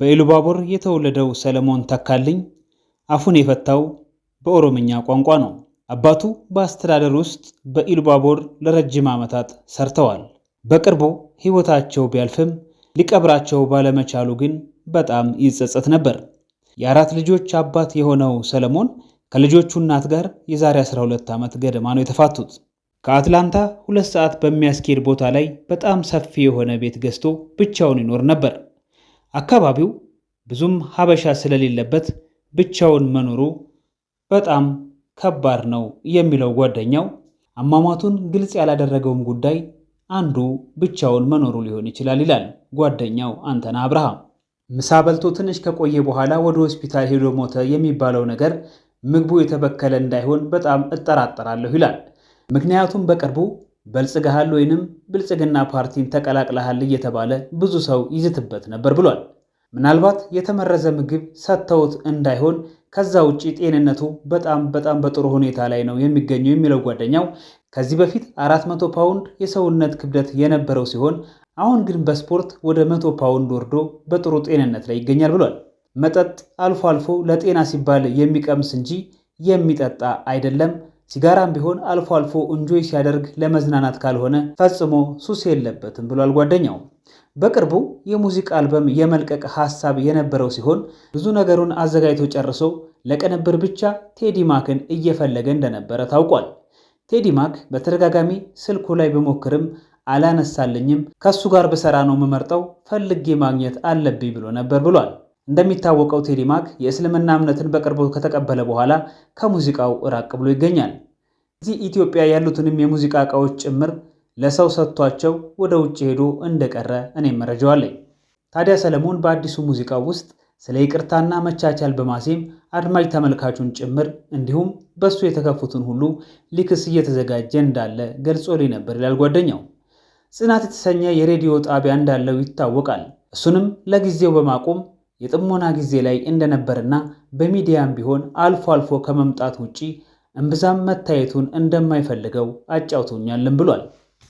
በኢሉባቦር የተወለደው ሰለሞን ተካልኝ አፉን የፈታው በኦሮምኛ ቋንቋ ነው። አባቱ በአስተዳደር ውስጥ በኢሉባቦር ለረጅም ዓመታት ሰርተዋል። በቅርቡ ሕይወታቸው ቢያልፍም ሊቀብራቸው ባለመቻሉ ግን በጣም ይጸጸት ነበር። የአራት ልጆች አባት የሆነው ሰለሞን ከልጆቹ እናት ጋር የዛሬ 12 ዓመት ገደማ ነው የተፋቱት። ከአትላንታ ሁለት ሰዓት በሚያስኬድ ቦታ ላይ በጣም ሰፊ የሆነ ቤት ገዝቶ ብቻውን ይኖር ነበር። አካባቢው ብዙም ሀበሻ ስለሌለበት ብቻውን መኖሩ በጣም ከባድ ነው የሚለው ጓደኛው አሟሟቱን ግልጽ ያላደረገውም ጉዳይ አንዱ ብቻውን መኖሩ ሊሆን ይችላል ይላል ጓደኛው አንተና አብርሃም። ምሳ በልቶ ትንሽ ከቆየ በኋላ ወደ ሆስፒታል ሄዶ ሞተ የሚባለው ነገር ምግቡ የተበከለ እንዳይሆን በጣም እጠራጠራለሁ ይላል። ምክንያቱም በቅርቡ በልጽግሃል ወይንም ብልጽግና ፓርቲን ተቀላቅለሃል እየተባለ ብዙ ሰው ይዝትበት ነበር ብሏል። ምናልባት የተመረዘ ምግብ ሰጥተውት እንዳይሆን ከዛ ውጭ ጤንነቱ በጣም በጣም በጥሩ ሁኔታ ላይ ነው የሚገኘው የሚለው ጓደኛው ከዚህ በፊት 400 ፓውንድ የሰውነት ክብደት የነበረው ሲሆን አሁን ግን በስፖርት ወደ 100 ፓውንድ ወርዶ በጥሩ ጤንነት ላይ ይገኛል ብሏል። መጠጥ አልፎ አልፎ ለጤና ሲባል የሚቀምስ እንጂ የሚጠጣ አይደለም። ሲጋራም ቢሆን አልፎ አልፎ እንጆይ ሲያደርግ ለመዝናናት ካልሆነ ፈጽሞ ሱስ የለበትም ብሏል ጓደኛው። በቅርቡ የሙዚቃ አልበም የመልቀቅ ሐሳብ የነበረው ሲሆን ብዙ ነገሩን አዘጋጅቶ ጨርሶ ለቅንብር ብቻ ቴዲ ማክን እየፈለገ እንደነበረ ታውቋል። ቴዲ ማክ በተደጋጋሚ ስልኩ ላይ ብሞክርም አላነሳልኝም፣ ከሱ ጋር ብሰራ ነው የምመርጠው፣ ፈልጌ ማግኘት አለብኝ ብሎ ነበር ብሏል። እንደሚታወቀው ማክ የእስልምና እምነትን በቅርቡ ከተቀበለ በኋላ ከሙዚቃው ራቅ ብሎ ይገኛል። እዚህ ኢትዮጵያ ያሉትንም የሙዚቃ እቃዎች ጭምር ለሰው ሰጥቷቸው ወደ ውጭ ሄዶ እንደቀረ እኔም መረጃው አለኝ። ታዲያ ሰለሞን በአዲሱ ሙዚቃው ውስጥ ስለ ይቅርታና መቻቻል በማሴም አድማጅ ተመልካቹን ጭምር እንዲሁም በሱ የተከፉትን ሁሉ ሊክስ እየተዘጋጀ እንዳለ ገልጾልኝ ነበር ይላል ጓደኛው። ጽናት የተሰኘ የሬዲዮ ጣቢያ እንዳለው ይታወቃል። እሱንም ለጊዜው በማቆም የጥሞና ጊዜ ላይ እንደነበርና በሚዲያም ቢሆን አልፎ አልፎ ከመምጣት ውጪ እምብዛም መታየቱን እንደማይፈልገው አጫውቶኛልም ብሏል።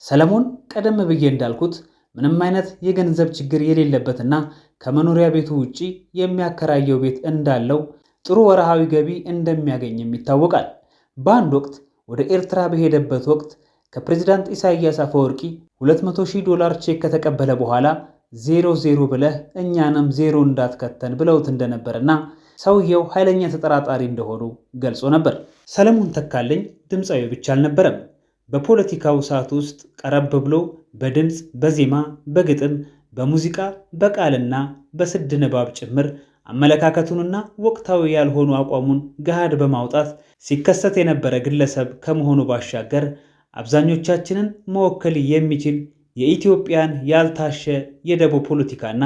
ሰለሞን ቀደም ብዬ እንዳልኩት ምንም አይነት የገንዘብ ችግር የሌለበትና ከመኖሪያ ቤቱ ውጪ የሚያከራየው ቤት እንዳለው ጥሩ ወርሃዊ ገቢ እንደሚያገኝም ይታወቃል። በአንድ ወቅት ወደ ኤርትራ በሄደበት ወቅት ከፕሬዝዳንት ኢሳያስ አፈወርቂ 200 ሺህ ዶላር ቼክ ከተቀበለ በኋላ ዜሮ ዜሮ ብለህ እኛንም ዜሮ እንዳትከተን ብለውት እንደነበርና ሰውየው ኃይለኛ ተጠራጣሪ እንደሆኑ ገልጾ ነበር። ሰለሞን ተካልኝ ድምፃዊ ብቻ አልነበረም። በፖለቲካው ሰዓት ውስጥ ቀረብ ብሎ በድምፅ በዜማ በግጥም በሙዚቃ በቃልና በስድ ንባብ ጭምር አመለካከቱንና ወቅታዊ ያልሆኑ አቋሙን ገሃድ በማውጣት ሲከሰት የነበረ ግለሰብ ከመሆኑ ባሻገር አብዛኞቻችንን መወከል የሚችል የኢትዮጵያን ያልታሸ የደቦ ፖለቲካና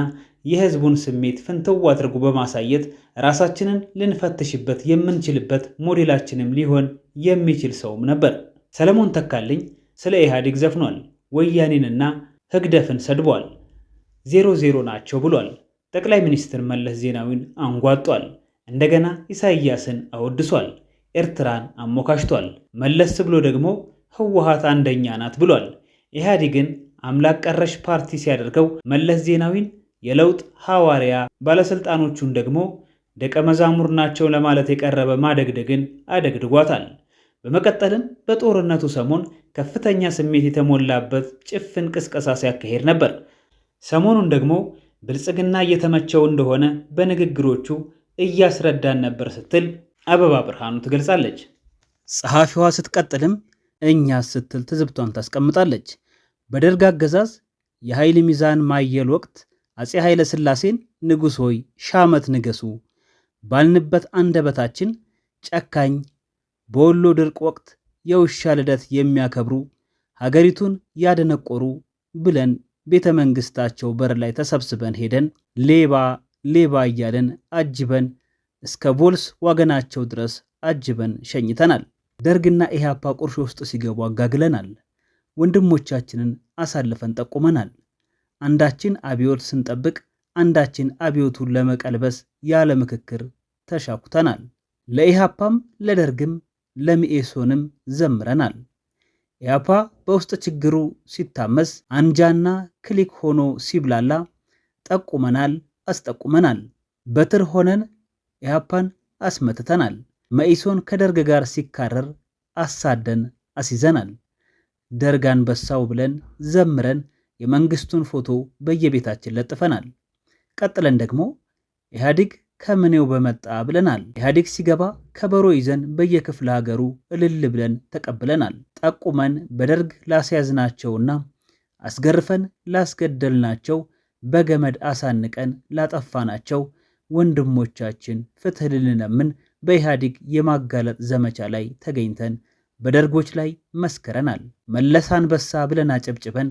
የህዝቡን ስሜት ፍንትው አድርጎ በማሳየት ራሳችንን ልንፈትሽበት የምንችልበት ሞዴላችንም ሊሆን የሚችል ሰውም ነበር። ሰለሞን ተካልኝ ስለ ኢህአዴግ ዘፍኗል። ወያኔንና ህግደፍን ሰድቧል። ዜሮ ዜሮ ናቸው ብሏል። ጠቅላይ ሚኒስትር መለስ ዜናዊን አንጓጧል። እንደገና ኢሳይያስን አወድሷል። ኤርትራን አሞካሽቷል። መለስ ብሎ ደግሞ ህወሓት አንደኛ ናት ብሏል። ኢህአዴግን አምላክ ቀረሽ ፓርቲ ሲያደርገው መለስ ዜናዊን የለውጥ ሐዋርያ ባለሥልጣኖቹን ደግሞ ደቀ መዛሙር ናቸው ለማለት የቀረበ ማደግደግን አደግድጓታል። በመቀጠልም በጦርነቱ ሰሞን ከፍተኛ ስሜት የተሞላበት ጭፍን ቅስቀሳ ሲያካሄድ ነበር። ሰሞኑን ደግሞ ብልጽግና እየተመቸው እንደሆነ በንግግሮቹ እያስረዳን ነበር ስትል አበባ ብርሃኑ ትገልጻለች። ጸሐፊዋ ስትቀጥልም እኛ ስትል ትዝብቷን ታስቀምጣለች። በደርግ አገዛዝ የኃይል ሚዛን ማየል ወቅት አፄ ኃይለ ሥላሴን ንጉሥ ሆይ ሻመት ንገሱ ባልንበት አንደበታችን ጨካኝ በወሎ ድርቅ ወቅት የውሻ ልደት የሚያከብሩ ሀገሪቱን ያደነቆሩ ብለን ቤተ መንግሥታቸው በር ላይ ተሰብስበን ሄደን ሌባ ሌባ እያለን አጅበን እስከ ቮልስ ዋገናቸው ድረስ አጅበን ሸኝተናል። ደርግና ኢህአፓ ቁርሾ ውስጥ ሲገቡ አጋግለናል። ወንድሞቻችንን አሳልፈን ጠቁመናል። አንዳችን አብዮት ስንጠብቅ አንዳችን አብዮቱን ለመቀልበስ ያለ ምክክር ተሻኩተናል። ለኢሃፓም ለደርግም ለሚኤሶንም ዘምረናል። ኢሃፓ በውስጥ ችግሩ ሲታመስ አንጃና ክሊክ ሆኖ ሲብላላ ጠቁመናል፣ አስጠቁመናል። በትር ሆነን ኢሃፓን አስመትተናል። መኢሶን ከደርግ ጋር ሲካረር አሳደን አስይዘናል። ደርግ አንበሳው ብለን ዘምረን የመንግስቱን ፎቶ በየቤታችን ለጥፈናል። ቀጥለን ደግሞ ኢህአዲግ ከምኔው በመጣ ብለናል። ኢህአዲግ ሲገባ ከበሮ ይዘን በየክፍለ ሀገሩ እልል ብለን ተቀብለናል። ጠቁመን በደርግ ላስያዝናቸውና አስገርፈን ላስገደልናቸው በገመድ አሳንቀን ላጠፋናቸው ወንድሞቻችን ፍትህ ልንለምን በኢህአዲግ የማጋለጥ ዘመቻ ላይ ተገኝተን በደርጎች ላይ መስክረናል። መለስ አንበሳ ብለን አጨብጭበን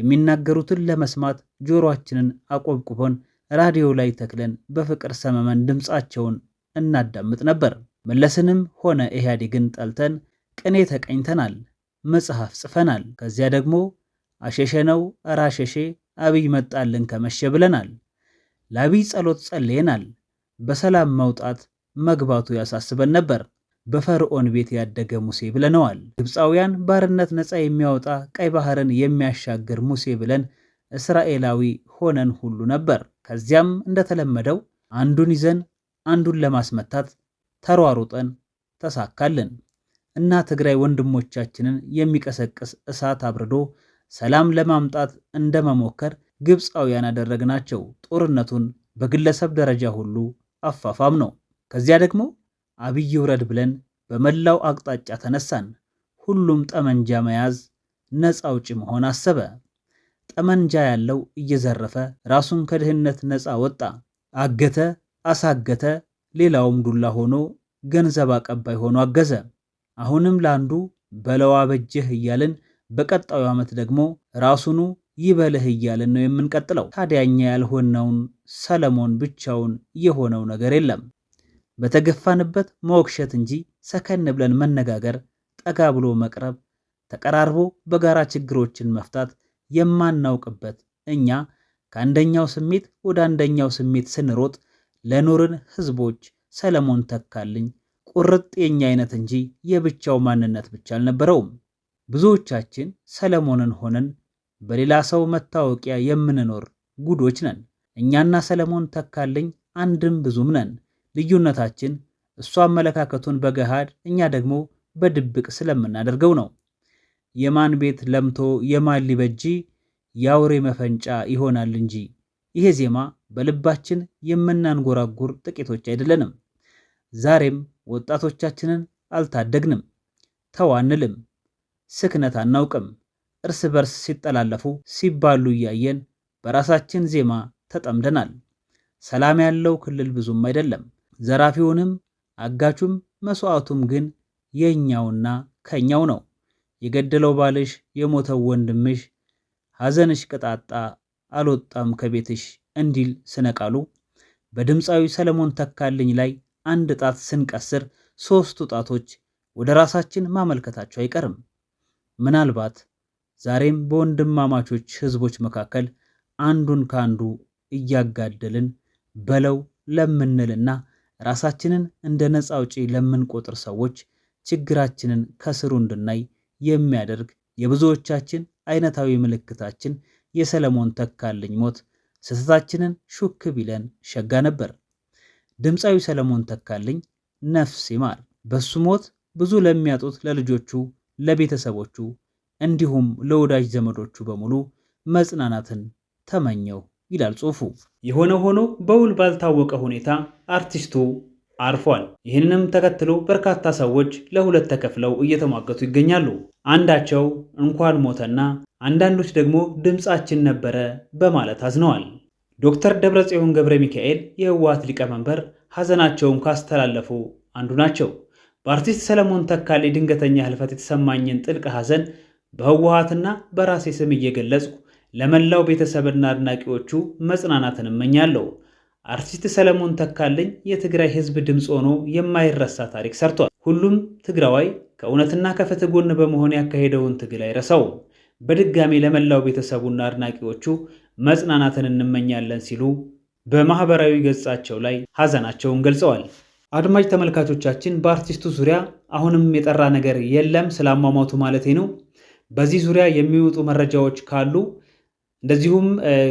የሚናገሩትን ለመስማት ጆሮአችንን አቆብቁበን ራዲዮ ላይ ተክለን በፍቅር ሰመመን ድምፃቸውን እናዳምጥ ነበር። መለስንም ሆነ ኢህአዴግን ጠልተን ቅኔ ተቀኝተናል፣ መጽሐፍ ጽፈናል። ከዚያ ደግሞ አሸሸ ነው እረ አብይ መጣልን ከመሸ ብለናል። ለአብይ ጸሎት ጸልየናል። በሰላም መውጣት መግባቱ ያሳስበን ነበር። በፈርዖን ቤት ያደገ ሙሴ ብለነዋል። ግብፃውያን ባርነት ነፃ የሚያወጣ ቀይ ባህርን የሚያሻግር ሙሴ ብለን እስራኤላዊ ሆነን ሁሉ ነበር። ከዚያም እንደተለመደው አንዱን ይዘን አንዱን ለማስመታት ተሯሩጠን ተሳካልን እና ትግራይ ወንድሞቻችንን የሚቀሰቅስ እሳት አብርዶ ሰላም ለማምጣት እንደመሞከር ግብፃውያን አደረግናቸው። ጦርነቱን በግለሰብ ደረጃ ሁሉ አፋፋም ነው። ከዚያ ደግሞ አብይ ውረድ ብለን በመላው አቅጣጫ ተነሳን። ሁሉም ጠመንጃ መያዝ፣ ነፃ አውጪ መሆን አሰበ። ጠመንጃ ያለው እየዘረፈ ራሱን ከድህነት ነፃ ወጣ። አገተ፣ አሳገተ፣ ሌላውም ዱላ ሆኖ ገንዘብ አቀባይ ሆኖ አገዘ። አሁንም ለአንዱ በለዋ በጀህ እያልን በቀጣዩ ዓመት ደግሞ ራሱኑ ይበልህ እያልን ነው የምንቀጥለው። ታዲያኛ ያልሆነውን ሰለሞን ብቻውን የሆነው ነገር የለም። በተገፋንበት መወክሸት እንጂ ሰከን ብለን መነጋገር፣ ጠጋ ብሎ መቅረብ፣ ተቀራርቦ በጋራ ችግሮችን መፍታት የማናውቅበት እኛ ከአንደኛው ስሜት ወደ አንደኛው ስሜት ስንሮጥ ለኖርን ህዝቦች ሰለሞን ተካልኝ ቁርጥ የኛ አይነት እንጂ የብቻው ማንነት ብቻ አልነበረውም። ብዙዎቻችን ሰለሞንን ሆነን በሌላ ሰው መታወቂያ የምንኖር ጉዶች ነን። እኛና ሰለሞን ተካልኝ አንድም ብዙም ነን። ልዩነታችን እሱ አመለካከቱን በገሃድ እኛ ደግሞ በድብቅ ስለምናደርገው ነው። የማን ቤት ለምቶ የማን ሊበጂ የአውሬ መፈንጫ ይሆናል እንጂ ይሄ ዜማ በልባችን የምናንጎራጉር ጥቂቶች አይደለንም። ዛሬም ወጣቶቻችንን አልታደግንም፣ ተዋንልም ስክነት አናውቅም። እርስ በርስ ሲጠላለፉ ሲባሉ እያየን በራሳችን ዜማ ተጠምደናል። ሰላም ያለው ክልል ብዙም አይደለም። ዘራፊውንም አጋቹም መስዋዕቱም ግን የእኛውና ከእኛው ነው። የገደለው ባልሽ፣ የሞተው ወንድምሽ፣ ሐዘንሽ ቅጣጣ አልወጣም ከቤትሽ እንዲል ስነቃሉ በድምፃዊ ሰለሞን ተካልኝ ላይ አንድ ጣት ስንቀስር ሦስቱ ጣቶች ወደ ራሳችን ማመልከታቸው አይቀርም። ምናልባት ዛሬም በወንድማማቾች ሕዝቦች መካከል አንዱን ከአንዱ እያጋደልን በለው ለምንልና ራሳችንን እንደ ነፃ አውጪ ለምንቆጥር ሰዎች ችግራችንን ከስሩ እንድናይ የሚያደርግ የብዙዎቻችን አይነታዊ ምልክታችን የሰለሞን ተካልኝ ሞት ስህተታችንን ሹክ ቢለን ሸጋ ነበር። ድምፃዊ ሰለሞን ተካልኝ ነፍስ ይማር። በሱ ሞት ብዙ ለሚያጡት ለልጆቹ፣ ለቤተሰቦቹ እንዲሁም ለወዳጅ ዘመዶቹ በሙሉ መጽናናትን ተመኘው። ይላል ጽሑፉ። የሆነ ሆኖ በውል ባልታወቀ ሁኔታ አርቲስቱ አርፏል። ይህንንም ተከትሎ በርካታ ሰዎች ለሁለት ተከፍለው እየተሟገቱ ይገኛሉ። አንዳቸው እንኳን ሞተና አንዳንዶች ደግሞ ድምፃችን ነበረ በማለት አዝነዋል። ዶክተር ደብረጽዮን ገብረ ሚካኤል የህወሓት ሊቀመንበር ሐዘናቸውን ካስተላለፉ አንዱ ናቸው። በአርቲስት ሰለሞን ተካሌ ድንገተኛ ህልፈት የተሰማኝን ጥልቅ ሐዘን በህወሓትና በራሴ ስም እየገለጽኩ ለመላው ቤተሰብና አድናቂዎቹ መጽናናትን እመኛለሁ። አርቲስት ሰለሞን ተካልኝ የትግራይ ሕዝብ ድምፅ ሆኖ የማይረሳ ታሪክ ሰርቷል። ሁሉም ትግራዋይ ከእውነትና ከፍትህ ጎን በመሆን ያካሄደውን ትግል አይረሳውም። በድጋሚ ለመላው ቤተሰቡና አድናቂዎቹ መጽናናትን እንመኛለን ሲሉ በማህበራዊ ገጻቸው ላይ ሀዘናቸውን ገልጸዋል። አድማጭ ተመልካቾቻችን፣ በአርቲስቱ ዙሪያ አሁንም የጠራ ነገር የለም ስለ አሟሟቱ ማለቴ ነው። በዚህ ዙሪያ የሚወጡ መረጃዎች ካሉ እንደዚሁም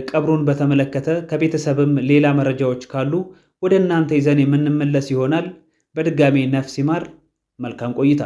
ቀብሩን በተመለከተ ከቤተሰብም ሌላ መረጃዎች ካሉ ወደ እናንተ ይዘን የምንመለስ ይሆናል። በድጋሜ ነፍስ ይማር። መልካም ቆይታ